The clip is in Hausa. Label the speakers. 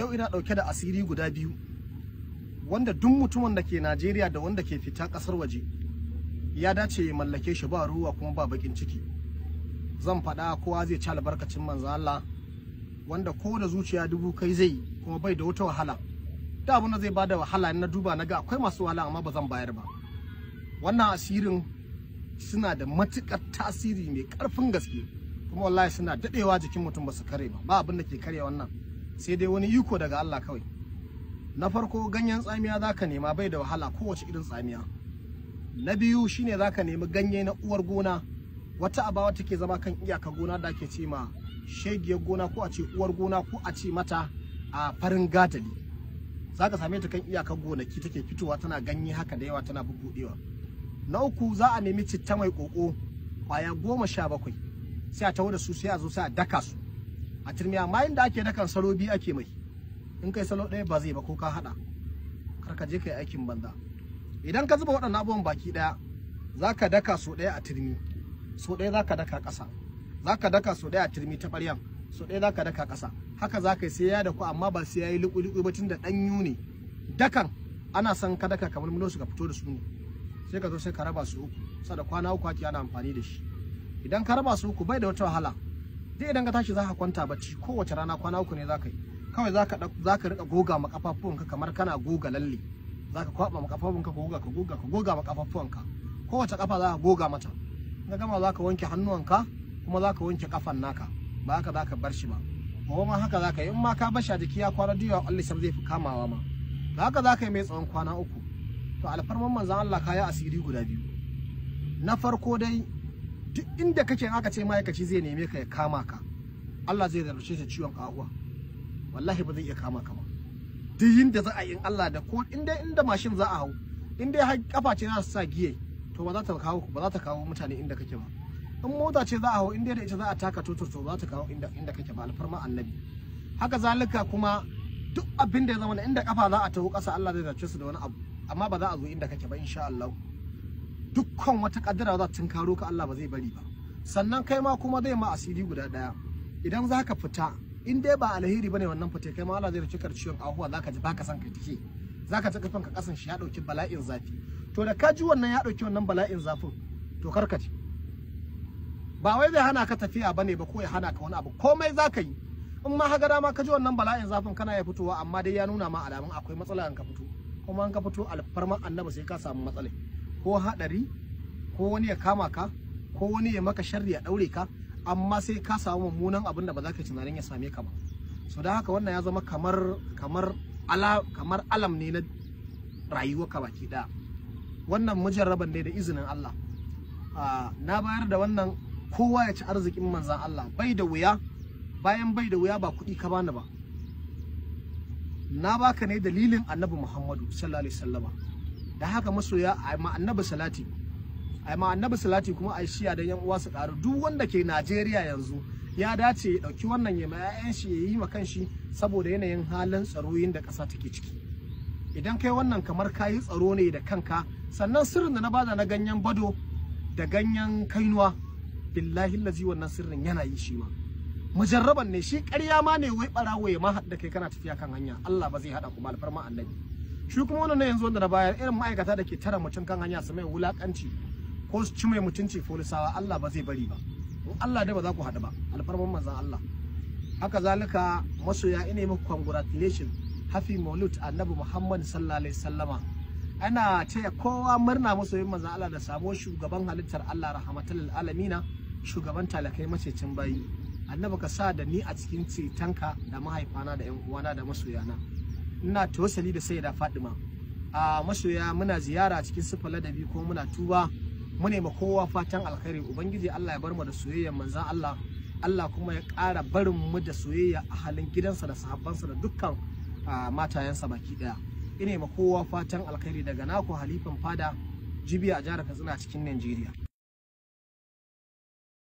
Speaker 1: yau ina ɗauke da asiri guda biyu wanda duk mutumin da ke najeriya da wanda ke fita ƙasar waje ya dace ya mallake shi ba ruwa kuma ba bakin ciki zan faɗa kowa zai ci albarkacin manzo Allah wanda ko da zuciya dubu kai zai kuma bai da wata wahala da abin da zai bada wahala na duba na ga akwai masu wahala amma ba zan bayar ba wannan asirin suna da matukar tasiri mai karfin gaske kuma wallahi suna daɗewa jikin mutum ba su kare ba ba abin da ke kare wannan sai dai wani iko daga Allah kawai na farko ganyen tsamiya za ka nema bai da wahala kowace irin tsamiya na biyu shine ka nemi ganye na uwar gona wata wata ke zama kan iyaka gona da ake ce ma shegiyar gona ko a ce uwar gona ko a ce mata a farin za zaka same ta kan iyakar gonaki take fitowa tana ganye haka da yawa tana bubbudewa na uku za a nemi citta mai ƙoƙo kwaya goma sha bakwai sai a taho da su sai a zo sai a daka su a turmi amma inda ake dakan salo biyu ake mai in kai salo ɗaya ba zai ba ko ka haɗa kar ka je kai aikin banza idan ka zuba waɗannan abubuwan baki ɗaya za ka daka so ɗaya a turmi so ɗaya za ka daka ƙasa za ka daka so ɗaya a turmi ta ɓaryan so ɗaya za ka daka ƙasa haka za ka yi sai ya da ku amma ba sai ya yi liƙu-liƙu ba tunda ɗanyu ne dakan ana san ka daka kamar milo ka fito da su ne sai ka zo sai ka raba su uku sada kwana uku ake ana amfani da shi idan ka raba su uku bai da wata wahala duk idan ka tashi za ka kwanta bacci kowace rana kwana uku ne za ka yi kawai za ka rika goga ma kamar kana goga lalle za ka kwaɓa ma ƙafafuwanka ka goga ka goga ka goga ma kowace ƙafa za ka goga mata ka gama za ka wanke hannuwanka kuma za ka wanke ƙafan naka ba haka za ka bar shi ba gobe ma haka za ka yi in ma ka bar a jiki ya kwana diwa Allah sam zai fi kamawa ma da haka za ka yi mai tsawon kwana uku to alfarman manzan Allah ka yi asiri guda biyu na farko dai duk inda kake in aka ce ma'aikaci zai neme ka ya kama ka Allah zai zarce shi ciwon kahuwa wallahi ba zai iya kama ka ba duk yinda za a yi in Allah da ko inda inda mashin za a hau inda har kafa ce za su sa giye to ba za ta kawo ba za ta kawo mutane inda kake ba in mota ce za a hau inda da ita za a taka totor to za ta kawo inda inda kake ba alfarma annabi haka zalika kuma duk abin da ya zama inda kafa za a taho ƙasa Allah zai zarce su da wani abu amma ba za a zo inda kake ba insha Allah dukkan wata kaddara za ta karo ka Allah ba zai bari ba sannan kai ma kuma zai ma asiri guda daya idan za ka fita in dai ba alheri bane wannan fita kai ma Allah zai rikar ciwon ahuwa za ka ji baka san kai take za ka tsaka kanka kasan shi ya dauki bala'in zafi to da ka ji wannan ya dauki wannan bala'in zafin to karka ji ba wai zai hana ka tafiya bane ba ko ya hana ka wani abu komai za ka yi in ma hagara ma ka ji wannan bala'in zafin kana ya fitowa amma dai ya nuna ma alamun akwai matsala an ka fito kuma an ka fito alfarman annabi sai ka samu matsala ko haɗari ko wani ya kama ka ko wani ya maka sharri ya ɗaure ka amma sai ka samu mummunan abin da ba za ka tunanin ya same ka ba so don haka wannan ya zama kamar alam ne na ka baki ɗaya wannan mujarraban ne da izinin Allah na bayar da wannan kowa ya ci arzikin manzan Allah bai da wuya bayan bai da wuya ba kuɗi ka bani ba na baka ne dalilin annabi Muhammadu sallallahu alaihi wasallama da haka masoya a ma annabi salati a ma salati kuma a shiya da yan uwa su karu duk wanda ke Najeriya yanzu ya dace ya dauki wannan ya ma shi ya yi ma kanshi saboda yanayin halin tsaroyin da ƙasa take ciki idan kai wannan kamar kayi tsaro ne da kanka sannan sirrin da na bada na ganyen bado da ganyen kainuwa billahi lazi wannan sirrin yana yi shi ma mujarraban ne shi ƙarya ma ne wai barawo ya ma da kai kana tafiya kan hanya Allah ba zai haɗa kuma alfarma annabi shi kuma wannan yanzu wanda na bayar irin ma'aikata da ke tara mutum kan hanya su mai wulakanci ko su ci mai mutunci folisawa Allah ba zai bari ba in Allah dai ba za ku haɗu ba alfarman manzan Allah haka zalika masoya ina muku congratulation hafi maulud annabi Muhammad sallallahu alaihi sallama ana taya kowa murna masoyin manzan Allah da sabon shugaban halittar Allah rahmatul alamina shugaban talakai macecin bayi annabi ka sa da ni a cikin cetonka da mahaifana da yan uwana da masoyana ina tausali da sayyida fadima a masoya muna ziyara cikin sufa ladabi ko muna tuba mu ne ma kowa fatan alkhairi ubangiji Allah ya bar mu da soyayya manzon Allah Allah kuma ya ƙara barin mu da soyayya a halin gidansa da sahabbansa da dukkan matayensa baki daya ina ma kowa fatan alkhairi daga nako halifan fada jibiya a jihar Katsina cikin Najeriya